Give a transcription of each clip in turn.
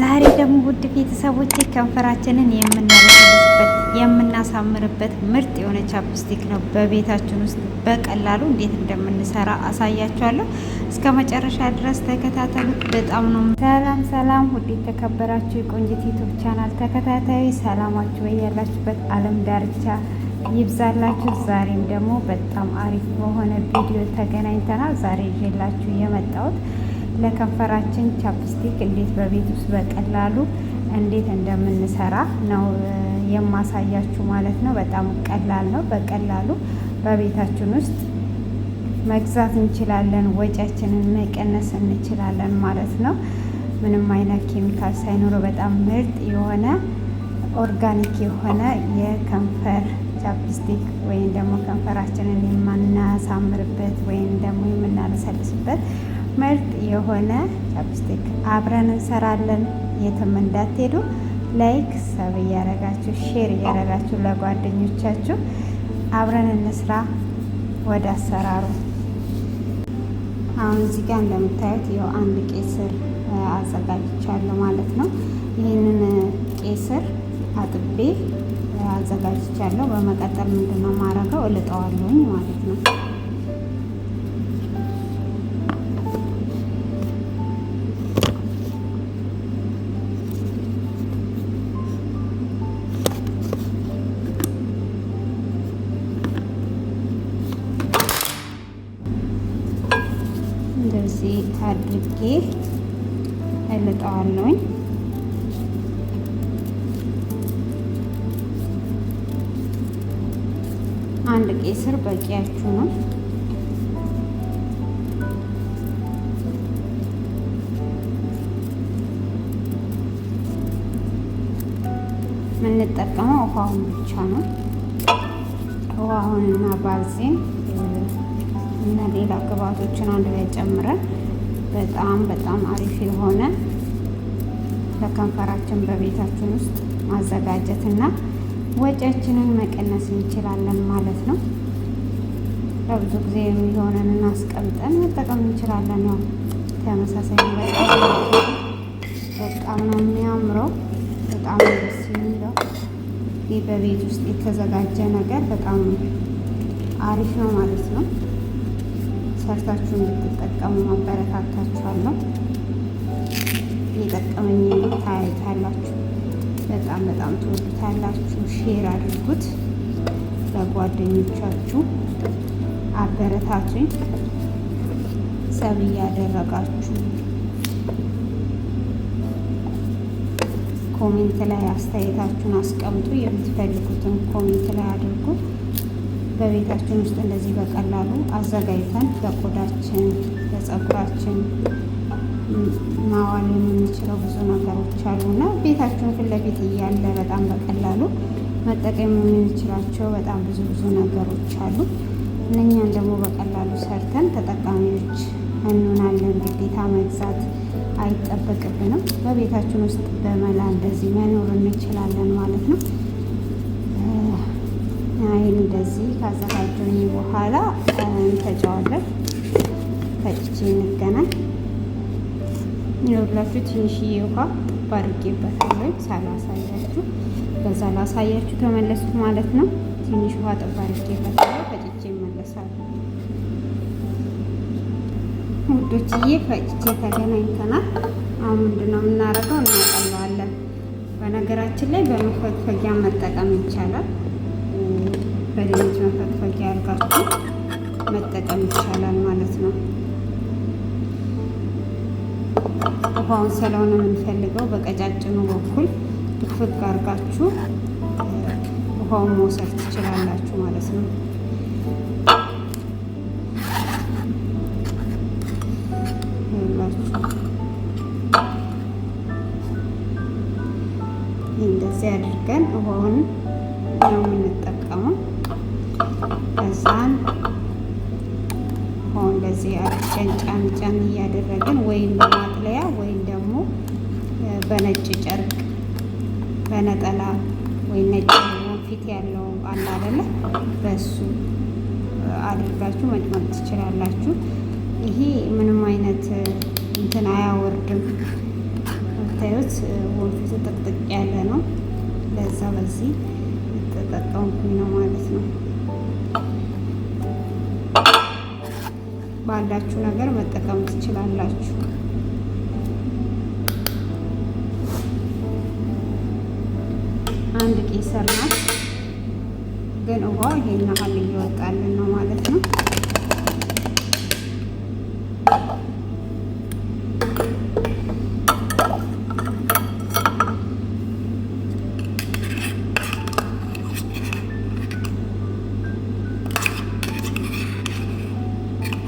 ዛሬ ደግሞ ውድ ቤተሰቦች ከንፈራችንን የምናለስበት የምናሳምርበት ምርጥ የሆነ ቻፕስቲክ ነው። በቤታችን ውስጥ በቀላሉ እንዴት እንደምንሰራ አሳያችኋለሁ። እስከ መጨረሻ ድረስ ተከታተሉት። በጣም ነው። ሰላም ሰላም! ውድ የተከበራችሁ የቆንጂት ዩቱብ ቻናል ተከታታዩ ሰላማችሁ ወይ ያላችሁበት አለም ዳርቻ ይብዛላችሁ። ዛሬም ደግሞ በጣም አሪፍ በሆነ ቪዲዮ ተገናኝተናል። ዛሬ ይዤላችሁ የመጣሁት ለከንፈራችን ቻፕስቲክ እንዴት በቤት ውስጥ በቀላሉ እንዴት እንደምንሰራ ነው የማሳያችሁ ማለት ነው። በጣም ቀላል ነው። በቀላሉ በቤታችን ውስጥ መግዛት እንችላለን። ወጪያችንን መቀነስ እንችላለን ማለት ነው። ምንም አይነት ኬሚካል ሳይኖረው በጣም ምርጥ የሆነ ኦርጋኒክ የሆነ የከንፈር ቻፕስቲክ ወይም ደግሞ ከንፈራችንን የማናሳምርበት ወይም ደግሞ የምናለሰልስበት ምርጥ የሆነ ቻፕስቲክ አብረን እንሰራለን። የትም እንዳትሄዱ። ላይክ ሰብ እያረጋችሁ ሼር እያረጋችሁ ለጓደኞቻችሁ አብረን እንስራ። ወደ አሰራሩ አሁን እዚህ ጋር እንደምታዩት ይኸው አንድ ቄስር አዘጋጅቻለሁ ማለት ነው። ይህንን ቄስር አጥቤ አዘጋጅቻለሁ። በመቀጠል ምንድነው ማረገው? እልጠዋለሁኝ ማለት ነው። እንደዚህ አድርጌ እልጠዋለሁኝ። አንድ ስር በቂያችሁ ነው። የምንጠቀመው ውሃውን ብቻ ነው። ውሃውንና እና ባልዜን እና ሌላ ግብአቶችን አንድ ላይ ጨምረን በጣም በጣም አሪፍ የሆነ ለከንፈራችን በቤታችን ውስጥ ማዘጋጀትና ወጪያችንን መቀነስ እንችላለን ማለት ነው። ለብዙ ጊዜ የሚሆነንን አስቀምጠን መጠቀም እንችላለን። ያው ተመሳሳይ በጣም ነው የሚያምረው፣ በጣም ደስ የሚለው ይህ በቤት ውስጥ የተዘጋጀ ነገር በጣም አሪፍ ነው ማለት ነው። ሰርታችሁ እንድትጠቀሙ ማበረታታችኋለሁ። የጠቀመኝ ታያላችሁ፣ በጣም በጣም ትወዱታላችሁ። ሼር አድርጉት ለጓደኞቻችሁ፣ አበረታቱኝ ሰብ እያደረጋችሁ ኮሜንት ላይ አስተያየታችሁን አስቀምጡ። የምትፈልጉትን ኮሜንት ላይ አድርጉት። በቤታችን ውስጥ እንደዚህ በቀላሉ አዘጋጅተን በቆዳችን በጸጉራችን ማዋል የምንችለው ብዙ ነገሮች አሉና ቤታችን ፊት ለፊት እያለ በጣም በቀላሉ መጠቀም የምንችላቸው በጣም ብዙ ብዙ ነገሮች አሉ። እነኛን ደግሞ በቀላሉ ሰርተን ተጠቃሚዎች እንሆናለን። ግዴታ መግዛት አይጠበቅብንም። በቤታችን ውስጥ በመላ እንደዚህ መኖር እንችላለን ማለት ነው። ካዘጋጀሁኝ በኋላ እንፈጨዋለን። ፈጭቼ እንገናኝ። ይኸውላችሁ ትንሽዬ ውሃ ባርጌበታለሁ ሳላሳያችሁ፣ በዛ ላሳያችሁ ተመለስኩ ማለት ነው። ትንሽ ውሃ ጥብ አድርጌበታለሁ። ፈጭቼ እመለሳለሁ ውዶችዬ። ፈጭቼ ተገናኝተናል። አሁን ምንድነው የምናደርገው? እናጠለዋለን። በነገራችን ላይ በመፈግፈጊያ መጠቀም ይቻላል። በድንች መፈትፈቂያ አርጋችሁ መጠቀም ይቻላል ማለት ነው። ውሃውን ስለሆነ የምንፈልገው በቀጫጭኑ በኩል ድፍቅ አድርጋችሁ ውሃውን መውሰድ ትችላላችሁ ማለት ነው። እንደዚህ አድርገን ውሃውን ነው የምንጠ በነጭ ጨርቅ በነጠላ ወይ ነጭ ፊት ያለው አለ አይደለ? በሱ አድርጋችሁ መጭመቅ ትችላላችሁ። ይሄ ምንም አይነት እንትን አያወርድም። ታዩት፣ ወንፊቱ ጥቅጥቅ ያለ ነው። ለዛ በዚህ ተጠቀምኩኝ ነው ማለት ነው። ባላችሁ ነገር መጠቀም ትችላላችሁ። ቄስር ናት። ግን ውሃው ይሄን ያህል እየወጣልን ነው ማለት ነው።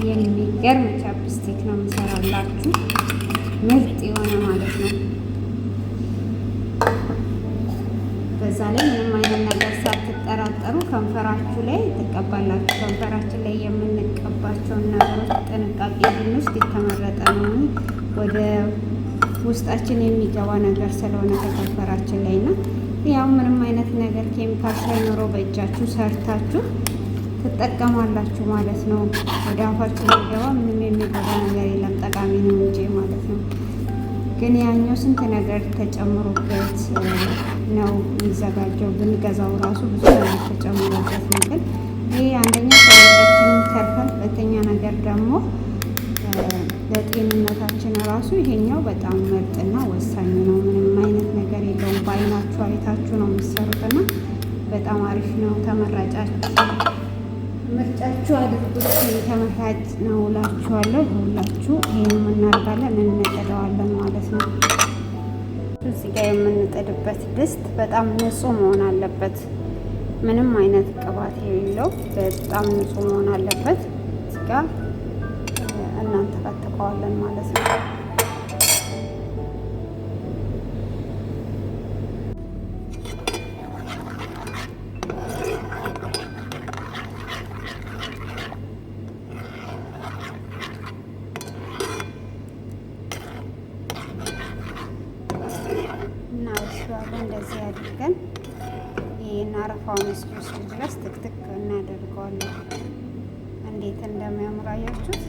የሚገርም ቻፕስቲክ ነው የምሰራላችሁ። ውስጣችን የሚገባ ነገር ስለሆነ ከከንፈራችን ላይ ና ያው ምንም አይነት ነገር ኬሚካል ሳይኖረው በእጃችሁ ሰርታችሁ ትጠቀማላችሁ ማለት ነው። ወደ አፋችሁ የሚገባ ምንም የሚገባ ነገር የለም፣ ጠቃሚ ነው እንጂ ማለት ነው። ግን ያኛው ስንት ነገር ተጨምሮበት ነው የሚዘጋጀው። ብንገዛው ራሱ ብዙ ነገር ተጨምሮበት ነው። ግን ይህ አንደኛ ሰውነታችንን ተርፈን፣ ሁለተኛ ነገር ደግሞ ለጤንነታችን ራሱ ይሄኛው በጣም ምርጥና ወሳኝ ነው። ምንም አይነት ነገር የለውም። በአይናችሁ አይታችሁ ነው የምትሰሩትና በጣም አሪፍ ነው። ተመራጫችሁ ምርጫችሁ አድርጉት። ተመራጭ ነው እላችኋለሁ። ሁላችሁ ይህን እናደርጋለን እንነቅለዋለን ማለት ነው። እዚህ ጋር የምንጥድበት ድስት በጣም ንጹህ መሆን አለበት። ምንም አይነት ቅባት የሌለው በጣም ንጹህ መሆን አለበት እዚህ ጋር እናንተቀጥቀዋለን ማለት ነው። እንደዚህ አድርገን ይህን አረፋውን እስኪወስድ ድረስ ትክትክ እናደርገዋለን። እንዴት እንደሚያምር አያችሁት?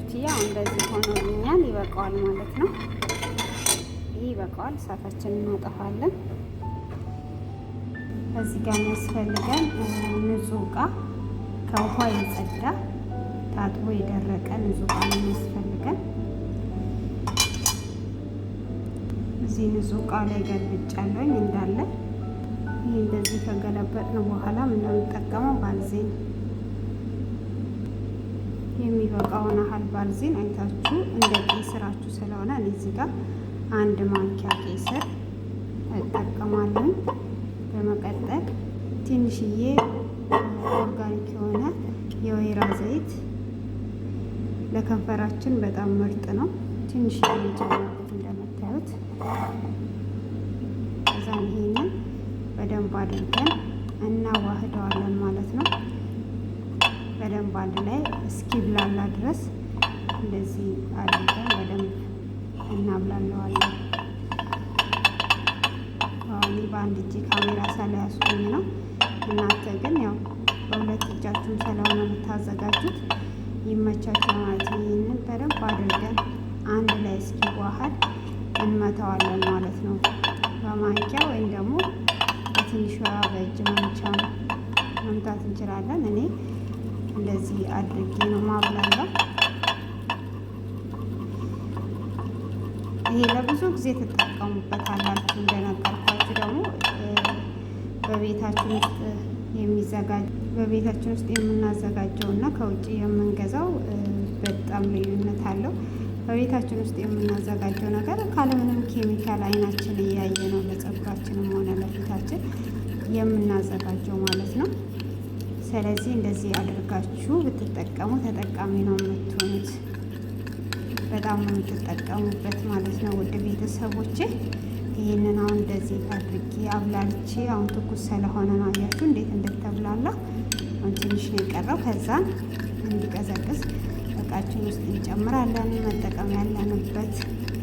ውዶች ያው እንደዚህ ሆኖልኛል። ይበቃዋል ማለት ነው። ይህ ይበቃዋል። እሳታችንን እናጠፋለን። እዚህ ጋር የሚያስፈልገን ንጹህ እቃ ከውሃ የጸዳ ታጥቦ የደረቀ ንጹህ እቃ የሚያስፈልገን። እዚህ ንጹህ እቃ ላይ ገልብጫለኝ እንዳለ። ይህ እንደዚህ ከገለበጥነው በኋላ ምንድነው የምንጠቀመው ባልዜን የበቃውን ያህል ባልዚን አይታችሁ እንደ ቄስራችሁ ስለሆነ እኔ እዚህ ጋር አንድ ማንኪያ ቄስር እጠቀማለሁ። በመቀጠል ትንሽዬ ኦርጋኒክ የሆነ የወይራ ዘይት ለከንፈራችን በጣም ምርጥ ነው። ትንሽዬ የጨመርኩት እንደምታዩት። ከዛም ይሄንን በደንብ አድርገን እናዋህደዋለን ማለት ነው። በደንብ አንድ ላይ እስኪብላላ ድረስ እንደዚህ አድርገን በደንብ እናብላለዋለን። እኔ በአንድ እጅ ካሜራ ስለያዝኩኝ ነው። እናንተ ግን ያው በሁለት እጃችሁም ስለሆነ የምታዘጋጁት ይመቻችሁ ማለት ነው። ይህንን በደንብ አድርገን አንድ ላይ እስኪዋሃድ እንመታዋለን ማለት ነው። በማንኪያ ወይም ደግሞ በትንሿ በእጅ መምቻ መምታት እንችላለን እኔ እንደዚህ አድርጌ ነው ማብላለው። ይሄ ለብዙ ጊዜ ትጠቀሙበታላችሁ። እንደነገርኳችሁ ደግሞ በቤታችን ውስጥ የሚዘጋጅ በቤታችን ውስጥ የምናዘጋጀው እና ከውጭ የምንገዛው በጣም ልዩነት አለው። በቤታችን ውስጥ የምናዘጋጀው ነገር ካለምንም ኬሚካል አይናችን እያየ ነው ለጸጉራችንም ሆነ ለፊታችን የምናዘጋጀው ማለት ነው። ስለዚህ እንደዚህ አድርጋችሁ ብትጠቀሙ ተጠቃሚ ነው የምትሆኑት። በጣም ነው የምትጠቀሙበት ማለት ነው ውድ ቤተሰቦች ይህንን አሁን እንደዚህ አድርጌ አብላልቼ አሁን ትኩስ ስለሆነ ነው አያችሁ እንዴት እንደተብላላ። አሁን ትንሽ ነው የቀረው። ከዛን እንዲቀዘቅዝ እቃችን ውስጥ እንጨምራለን። መጠቀም ያለንበት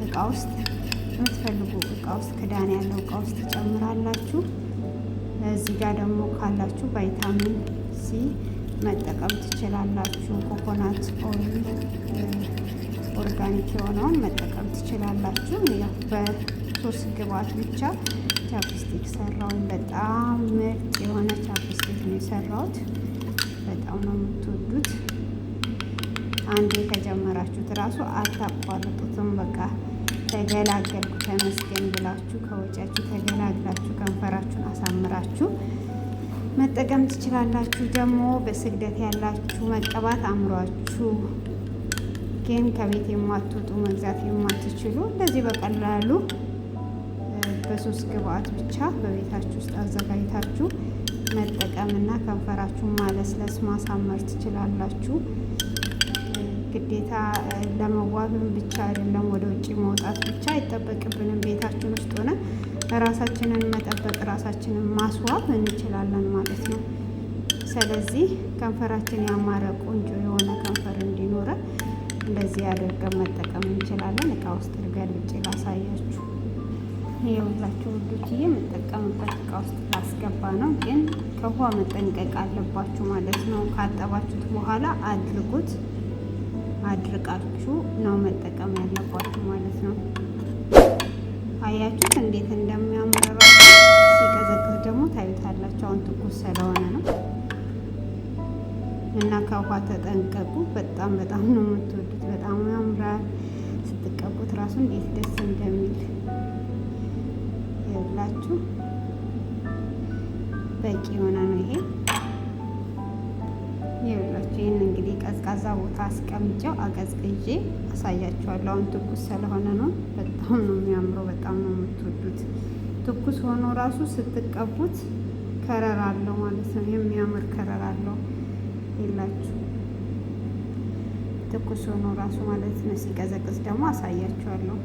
እቃ ውስጥ የምትፈልጉ እቃ ውስጥ ክዳን ያለው እቃ ውስጥ ትጨምራላችሁ። እዚህ ጋር ደግሞ ካላችሁ ቫይታሚን ሲ መጠቀም ትችላላችሁ። ኮኮናት ኦይል ኦርጋኒክ የሆነውን መጠቀም ትችላላችሁ። ያው በሶስት ግብአት ብቻ ቻፕስቲክ ሰራውን። በጣም ምርጥ የሆነ ቻፕስቲክ ነው የሰራሁት። በጣም ነው የምትወዱት። አንዴ ከጀመራችሁት እራሱ አታቋርጡትም በቃ ተገላገልኩ ተመስገን ብላችሁ ከወጪያችሁ ተገላግላችሁ ከንፈራችሁን አሳምራችሁ መጠቀም ትችላላችሁ። ደግሞ በስግደት ያላችሁ መቀባት አምሯችሁ ግን ከቤት የማትወጡ መግዛት የማትችሉ እንደዚህ በቀላሉ በሶስት ግብአት ብቻ በቤታችሁ ውስጥ አዘጋጅታችሁ መጠቀምና ከንፈራችሁን ማለስለስ ማሳመር ትችላላችሁ። ግዴታ ለመዋብም ብቻ አይደለም፣ ወደ ውጭ መውጣት ብቻ አይጠበቅብንም። ቤታችን ውስጥ ሆነ ራሳችንን መጠበቅ፣ ራሳችንን ማስዋብ እንችላለን ማለት ነው። ስለዚህ ከንፈራችን ያማረ ቆንጆ የሆነ ከንፈር እንዲኖረን እንደዚህ አድርገን መጠቀም እንችላለን። እቃ ውስጥ እርገን ውጭ ላሳያችሁ። የሁላችሁ ውዶች ይህ የምጠቀምበት እቃ ውስጥ ላስገባ ነው፣ ግን ከውሃ መጠንቀቅ አለባችሁ ማለት ነው። ካጠባችሁት በኋላ አድርጉት። አድርቃችሁ ነው መጠቀም ያለባችሁ ማለት ነው። አያችሁት እንዴት እንደሚያምር። ሲቀዘቅዝ ደግሞ ታዩታላችሁ። አሁን ትኩስ ስለሆነ ነው እና ከውሃ ተጠንቀቁ። በጣም በጣም ነው የምትወዱት። በጣም ያምራል ስትቀቡት ራሱ እንዴት ደስ እንደሚል ይኸውላችሁ። በቂ የሆነ ነው ይሄ። ይኸውላችሁ ይህን እንግዲህ ቀዝቃዛ ቦታ አስቀምጨው አቀዝቅዤ አሳያችኋለሁ። አሁን ትኩስ ስለሆነ ነው። በጣም ነው የሚያምረው። በጣም ነው የምትወዱት። ትኩስ ሆኖ ራሱ ስትቀቡት ከረር አለው ማለት ነው። የሚያምር ከረር አለው የላችሁ ትኩስ ሆኖ ራሱ ማለት ነው። ሲቀዘቅዝ ደግሞ አሳያችኋለሁ።